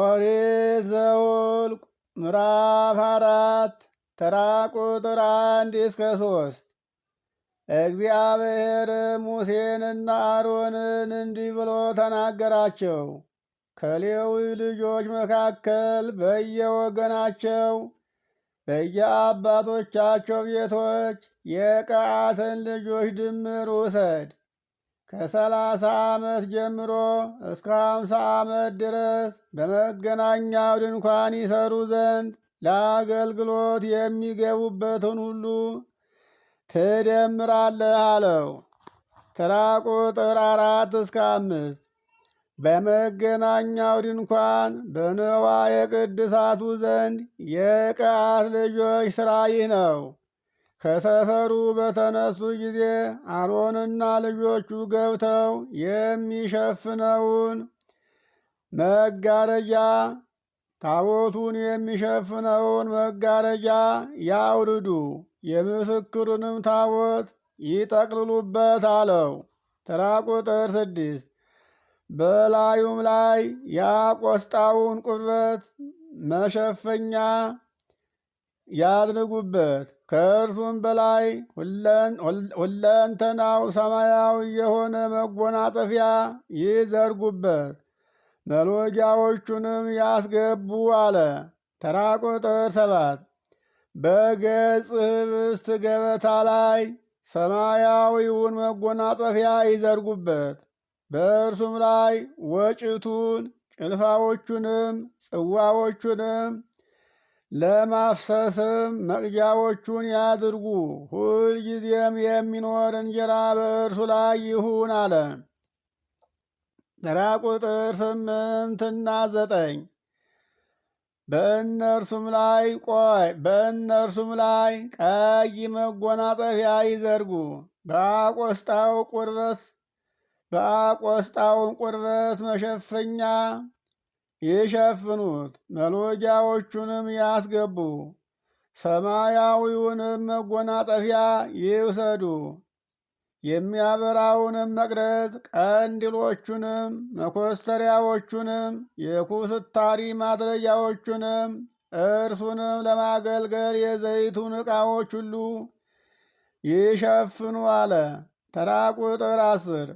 ኦሪት ዘኍልቍ ምዕራፍ አራት ተራ ቁጥር አንድ እስከ ሶስት እግዚአብሔር ሙሴንና አሮንን እንዲህ ብሎ ተናገራቸው። ከሌዊ ልጆች መካከል በየወገናቸው በየአባቶቻቸው ቤቶች የቀዓትን ልጆች ድምር ውሰድ። ከሰላሳ ዓመት ጀምሮ እስከ አምሳ ዓመት ድረስ በመገናኛው ድንኳን ይሰሩ ዘንድ ለአገልግሎት የሚገቡበትን ሁሉ ትደምራለህ አለው። ተራ ቁጥር አራት እስከ አምስት በመገናኛው ድንኳን በንዋየ ቅድሳቱ ዘንድ የቀዓት ልጆች ሥራ ይህ ነው። ከሰፈሩ በተነሱ ጊዜ አሮንና ልጆቹ ገብተው የሚሸፍነውን መጋረጃ ታቦቱን የሚሸፍነውን መጋረጃ ያውርዱ፣ የምስክሩንም ታቦት ይጠቅልሉበት አለው። ተራ ቁጥር ስድስት በላዩም ላይ የቆስጣውን ቁርበት መሸፈኛ ያድርጉበት ከእርሱም በላይ ሁለንተናው ሰማያዊ የሆነ መጎናጸፊያ ይዘርጉበት፣ መሎጊያዎቹንም ያስገቡ አለ። ተራ ቁጥር ሰባት በገጽ ህብስት ገበታ ላይ ሰማያዊውን መጎናጸፊያ ይዘርጉበት፣ በእርሱም ላይ ወጭቱን ጭልፋዎቹንም ጽዋዎቹንም ለማፍሰስም መቅጃዎቹን ያድርጉ፣ ሁልጊዜም የሚኖር እንጀራ በእርሱ ላይ ይሁን አለ። ተራ ቁጥር ስምንትና ዘጠኝ በእነርሱም ላይ ቆይ በእነርሱም ላይ ቀይ መጎናጸፊያ ይዘርጉ በአቆስጣው ቁርበት በአቆስጣውን ቁርበት መሸፈኛ ይሸፍኑት፣ መሎጊያዎቹንም ያስገቡ። ሰማያዊውንም መጎናጠፊያ ይውሰዱ። የሚያበራውንም መቅረዝ፣ ቀንዲሎቹንም፣ መኮስተሪያዎቹንም፣ የኩስታሪ ማድረጊያዎቹንም እርሱንም ለማገልገል የዘይቱን ዕቃዎች ሁሉ ይሸፍኑ አለ። ተራ ቁጥር አስር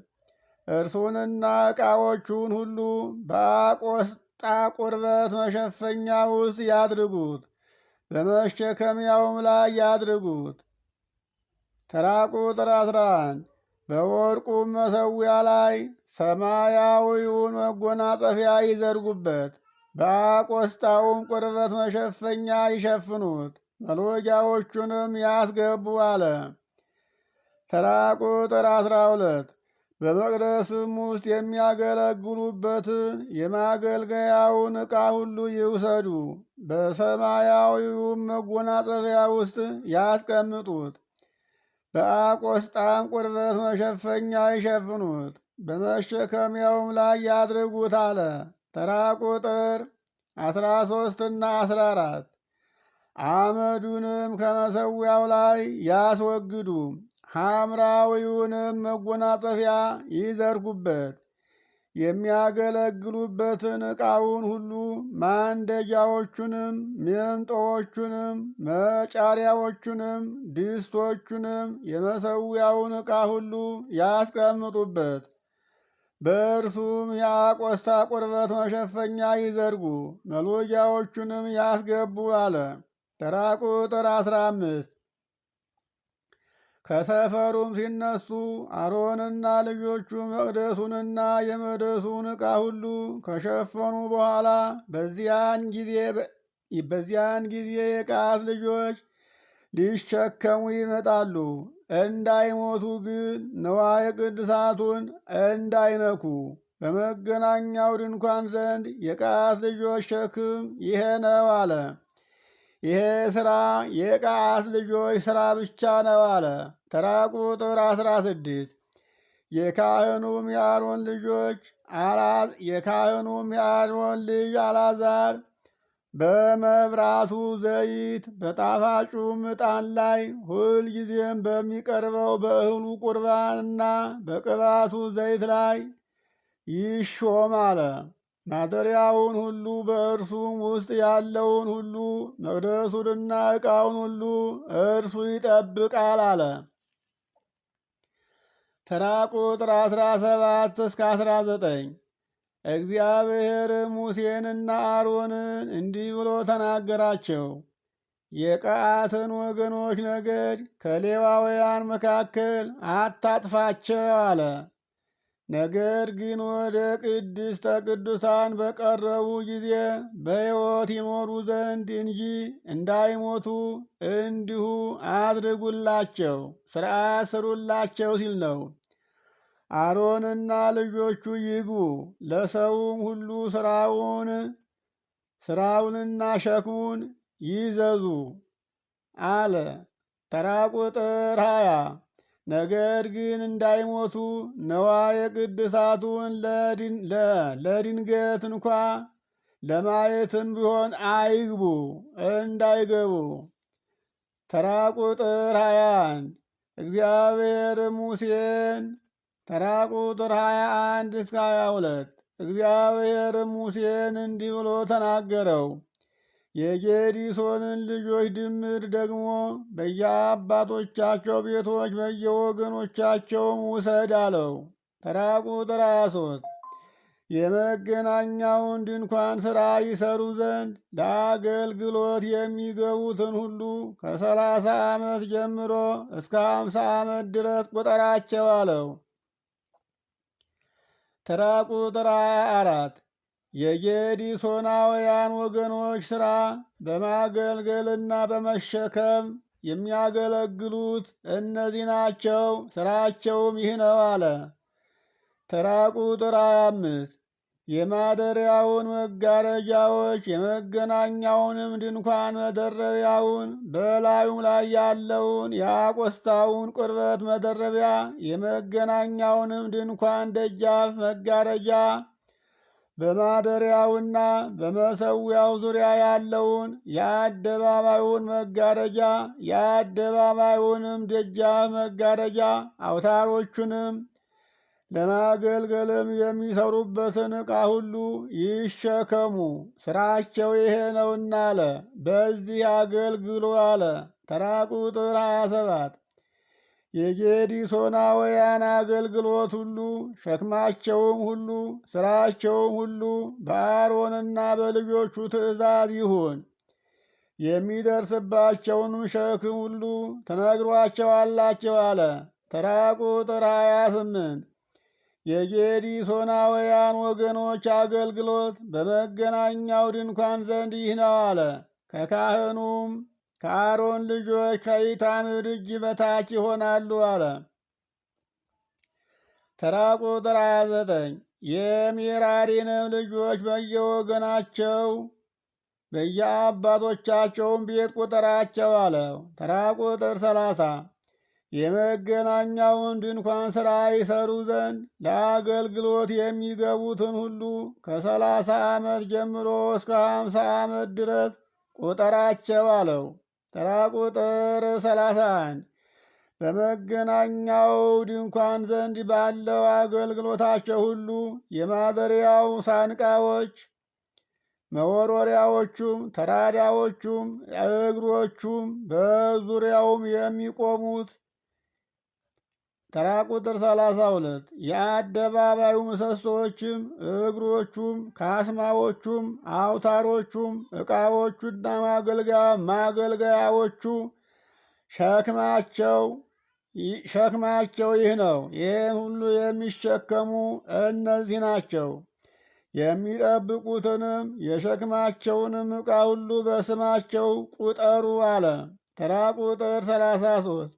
እርሱንና ዕቃዎቹን ሁሉ በአቆስ ቁጣ ቁርበት መሸፈኛ ውስጥ ያድርጉት፣ በመሸከሚያውም ላይ ያድርጉት። ተራ ቁጥር አስራ አንድ በወርቁም መሰዊያ ላይ ሰማያዊውን መጎናጸፊያ ይዘርጉበት፣ በአቆስጣውም ቁርበት መሸፈኛ ይሸፍኑት፣ መሎጊያዎቹንም ያስገቡ አለ። ተራ ቁጥር አስራ ሁለት በመቅደስም ውስጥ የሚያገለግሉበትን የማገልገያውን ዕቃ ሁሉ ይውሰዱ፣ በሰማያዊውም መጎናጸፊያ ውስጥ ያስቀምጡት። በአቆስጣም ቁርበት መሸፈኛ ይሸፍኑት፣ በመሸከሚያውም ላይ ያድርጉት አለ። ተራ ቁጥር አስራ ሶስትና አስራ አራት አመዱንም ከመሰዊያው ላይ ያስወግዱ ሐምራዊውንም መጎናጸፊያ ይዘርጉበት። የሚያገለግሉበትን ዕቃውን ሁሉ ማንደጃዎቹንም፣ ሜንጦዎቹንም፣ መጫሪያዎቹንም፣ ድስቶቹንም የመሰዊያውን ዕቃ ሁሉ ያስቀምጡበት። በእርሱም የአቆስታ ቁርበት መሸፈኛ ይዘርጉ፣ መሎጃዎቹንም ያስገቡ አለ። ተራ ቁጥር አስራ አምስት ከሰፈሩም ሲነሱ አሮንና ልጆቹ መቅደሱንና የመቅደሱን ዕቃ ሁሉ ከሸፈኑ በኋላ በዚያን ጊዜ የቃት ልጆች ሊሸከሙ ይመጣሉ። እንዳይሞቱ ግን ንዋየ ቅድሳቱን እንዳይነኩ በመገናኛው ድንኳን ዘንድ የቃት ልጆች ሸክም ይሄ ነው አለ። ይሄ ሥራ የቃስ ልጆች ሥራ ብቻ ነው አለ። ተራ ቁጥር አስራ ስድስት የካህኑም የአሮን ልጆች የካህኑም የአሮን ልጅ አላዛር በመብራቱ ዘይት በጣፋጩ ምጣን ላይ ሁልጊዜም በሚቀርበው በእህሉ ቁርባንና በቅባቱ ዘይት ላይ ይሾም አለ። ማደሪያውን ሁሉ በእርሱም ውስጥ ያለውን ሁሉ መቅደሱንና ዕቃውን ሁሉ እርሱ ይጠብቃል አለ። ተራ ቁጥር አስራ ሰባት እስከ አስራ ዘጠኝ እግዚአብሔር ሙሴንና አሮንን እንዲህ ብሎ ተናገራቸው። የቀአትን ወገኖች ነገድ ከሌዋውያን መካከል አታጥፋቸው አለ። ነገር ግን ወደ ቅድስተ ቅዱሳን በቀረቡ ጊዜ በሕይወት ይኖሩ ዘንድ እንጂ እንዳይሞቱ እንዲሁ አድርጉላቸው፣ ሥርዓት ስሩላቸው ሲል ነው። አሮንና ልጆቹ ይግቡ፣ ለሰውም ሁሉ ሥራውን ሥራውንና ሸክሙን ይዘዙ አለ። ተራ ቁጥር ሃያ ነገር ግን እንዳይሞቱ ነዋየ ቅድሳቱን ለድንገት እንኳ ለማየትም ቢሆን አይግቡ እንዳይገቡ። ተራ ቁጥር ሀያ አንድ እግዚአብሔር ሙሴን ተራ ቁጥር ሀያ አንድ እስከ ሀያ ሁለት እግዚአብሔር ሙሴን እንዲህ ብሎ ተናገረው። የጌዲሶንን ልጆች ድምር ደግሞ በየአባቶቻቸው ቤቶች በየወገኖቻቸውም ውሰድ አለው። ተራ ቁጥር 23 የመገናኛውን ድንኳን ሥራ ይሰሩ ዘንድ ለአገልግሎት የሚገቡትን ሁሉ ከሰላሳ ዓመት ጀምሮ እስከ አምሳ ዓመት ድረስ ቁጠራቸው አለው። ተራ ቁጥር 24 የጌዲሶናውያን ወገኖች ሥራ በማገልገልና በመሸከም የሚያገለግሉት እነዚህ ናቸው። ሥራቸውም ይህ ነው አለ። ተራ ቁጥር አምስት የማደሪያውን መጋረጃዎች የመገናኛውንም ድንኳን መደረቢያውን በላዩም ላይ ያለውን የአቆስታውን ቁርበት መደረቢያ የመገናኛውንም ድንኳን ደጃፍ መጋረጃ በማደሪያውና በመሰዊያው ዙሪያ ያለውን የአደባባዩን መጋረጃ የአደባባዩንም ደጃፍ መጋረጃ አውታሮቹንም ለማገልገልም የሚሰሩበትን ዕቃ ሁሉ ይሸከሙ፣ ስራቸው ይሄ ነውና አለ። በዚህ አገልግሎ አለ። ተራ ቁጥር 27 የጌዲሶናውያን አገልግሎት ሁሉ ሸክማቸውም ሁሉ ሥራቸውም ሁሉ በአሮንና በልጆቹ ትእዛዝ ይሁን። የሚደርስባቸውንም ሸክም ሁሉ ትነግሯቸዋላቸው አለ። ተራ ቁጥር ሀያ ስምንት የጌዲሶናውያን ወገኖች አገልግሎት በመገናኛው ድንኳን ዘንድ ይህ ነው አለ ከካህኑም ከአሮን ልጆች ከኢታምር እጅ በታች ይሆናሉ አለ። ተራ ቁጥር ዘጠኝ የሚራሪንም ልጆች በየወገናቸው በየአባቶቻቸውም ቤት ቁጠራቸው አለው። ተራ ቁጥር ሰላሳ የመገናኛውን ድንኳን ሥራ ይሰሩ ዘንድ ለአገልግሎት የሚገቡትን ሁሉ ከሰላሳ ዓመት ጀምሮ እስከ ሀምሳ ዓመት ድረስ ቁጠራቸው አለው። ተራ ቁጥር ሰላሳ አንድ በመገናኛው ድንኳን ዘንድ ባለው አገልግሎታቸው ሁሉ የማደሪያው ሳንቃዎች መወሮሪያዎቹም ተራዳዎቹም እግሮቹም በዙሪያውም የሚቆሙት ተራ ቁጥር 32 የአደባባዩ ምሰሶዎችም እግሮቹም ካስማዎቹም አውታሮቹም እቃዎቹና ማገልገያ ማገልገያዎቹ ሸክማቸው ሸክማቸው ይህ ነው። ይህን ሁሉ የሚሸከሙ እነዚህ ናቸው። የሚጠብቁትንም የሸክማቸውንም ዕቃ ሁሉ በስማቸው ቁጠሩ አለ። ተራ ቁጥር 33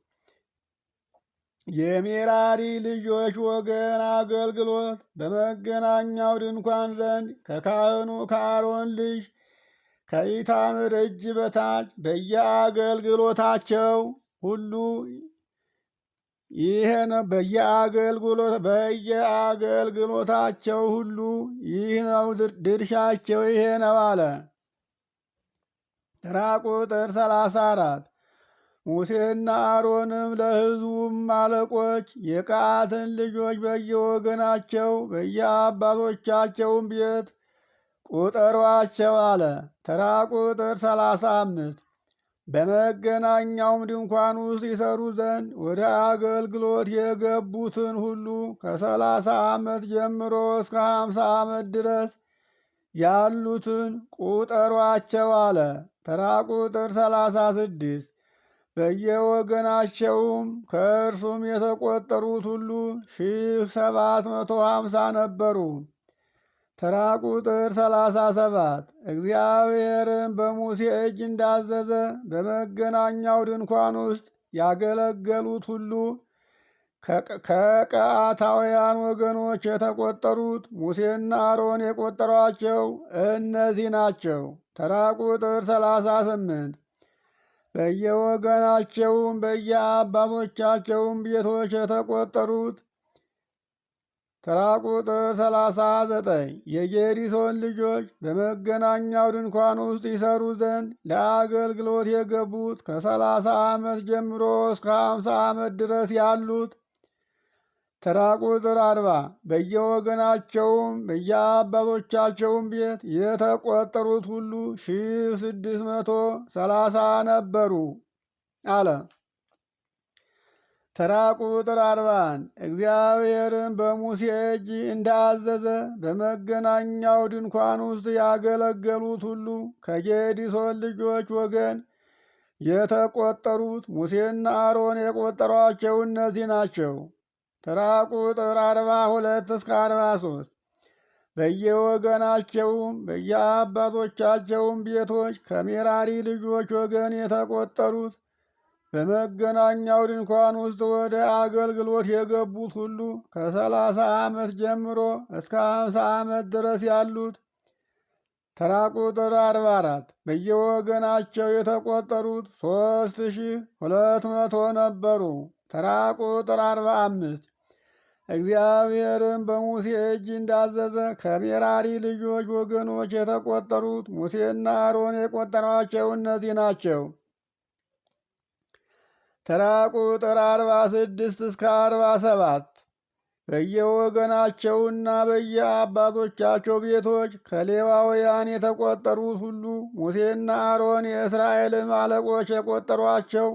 የሜራሪ ልጆች ወገን አገልግሎት በመገናኛው ድንኳን ዘንድ ከካህኑ ከአሮን ልጅ ከኢታምር እጅ በታች በየአገልግሎታቸው ሁሉ ይሄ ነው። በየአገልግሎታቸው ሁሉ ይህ ነው ድርሻቸው፣ ይሄ ነው አለ። ተራ ቁጥር ሰላሳ አራት ሙሴና አሮንም ለሕዝቡም አለቆች የቀዓትን ልጆች በየወገናቸው በየአባቶቻቸውም ቤት ቁጠሯቸው አለ። ተራ ቁጥር ሰላሳ አምስት በመገናኛውም ድንኳን ውስጥ ይሰሩ ዘንድ ወደ አገልግሎት የገቡትን ሁሉ ከሰላሳ ዓመት ጀምሮ እስከ ሀምሳ ዓመት ድረስ ያሉትን ቁጠሯቸው አለ። ተራ ቁጥር ሰላሳ ስድስት በየወገናቸውም ከእርሱም የተቆጠሩት ሁሉ ሺህ ሰባት መቶ ሀምሳ ነበሩ። ተራ ቁጥር ሰላሳ ሰባት እግዚአብሔርም በሙሴ እጅ እንዳዘዘ በመገናኛው ድንኳን ውስጥ ያገለገሉት ሁሉ ከቀአታውያን ወገኖች የተቆጠሩት ሙሴና አሮን የቆጠሯቸው እነዚህ ናቸው። ተራ ቁጥር ሰላሳ ስምንት በየወገናቸውም በየአባቶቻቸውም ቤቶች የተቆጠሩት ተራ ቁጥር ሰላሳ ዘጠኝ የጌሪሶን ልጆች በመገናኛው ድንኳን ውስጥ ይሰሩ ዘንድ ለአገልግሎት የገቡት ከሰላሳ ዓመት ጀምሮ እስከ ሃምሳ ዓመት ድረስ ያሉት ተራ ቁጥር አርባ በየወገናቸውም በየአባቶቻቸውም ቤት የተቆጠሩት ሁሉ ሺ ስድስት መቶ ሰላሳ ነበሩ አለ። ተራ ቁጥር አርባን እግዚአብሔርም በሙሴ እጅ እንዳዘዘ በመገናኛው ድንኳን ውስጥ ያገለገሉት ሁሉ ከጌዲሶን ልጆች ወገን የተቆጠሩት ሙሴና አሮን የቆጠሯቸው እነዚህ ናቸው። ተራ ቁጥር አርባ ሁለት እስከ አርባ ሶስት በየወገናቸውም በየአባቶቻቸውም ቤቶች ከሜራሪ ልጆች ወገን የተቆጠሩት በመገናኛው ድንኳን ውስጥ ወደ አገልግሎት የገቡት ሁሉ ከሰላሳ ዓመት ጀምሮ እስከ ሃምሳ ዓመት ድረስ ያሉት ተራ ቁጥር አርባ አራት በየወገናቸው የተቆጠሩት ሶስት ሺህ ሁለት መቶ ነበሩ። ተራ ቁጥር አርባ አምስት እግዚአብሔርም በሙሴ እጅ እንዳዘዘ ከሜራሪ ልጆች ወገኖች የተቆጠሩት ሙሴና አሮን የቆጠሯቸው እነዚህ ናቸው። ተራ ቁጥር አርባ ስድስት እስከ አርባ ሰባት በየወገናቸውና በየአባቶቻቸው ቤቶች ከሌዋውያን የተቆጠሩት ሁሉ ሙሴና አሮን የእስራኤልም አለቆች የቆጠሯቸው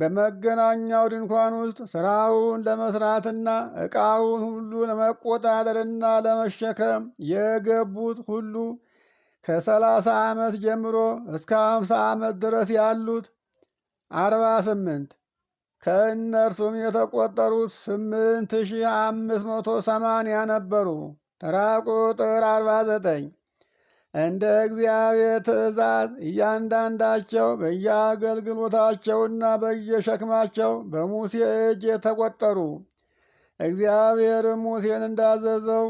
በመገናኛው ድንኳን ውስጥ ስራውን ለመስራትና ዕቃውን ሁሉ ለመቆጣጠርና ለመሸከም የገቡት ሁሉ ከሰላሳ ዓመት ጀምሮ እስከ አምሳ ዓመት ድረስ ያሉት አርባ ስምንት ከእነርሱም የተቆጠሩት ስምንት ሺህ አምስት መቶ ሰማንያ ነበሩ። ተራ ቁጥር አርባ ዘጠኝ እንደ እግዚአብሔር ትእዛዝ እያንዳንዳቸው በየአገልግሎታቸውና በየሸክማቸው በሙሴ እጅ የተቆጠሩ እግዚአብሔር ሙሴን እንዳዘዘው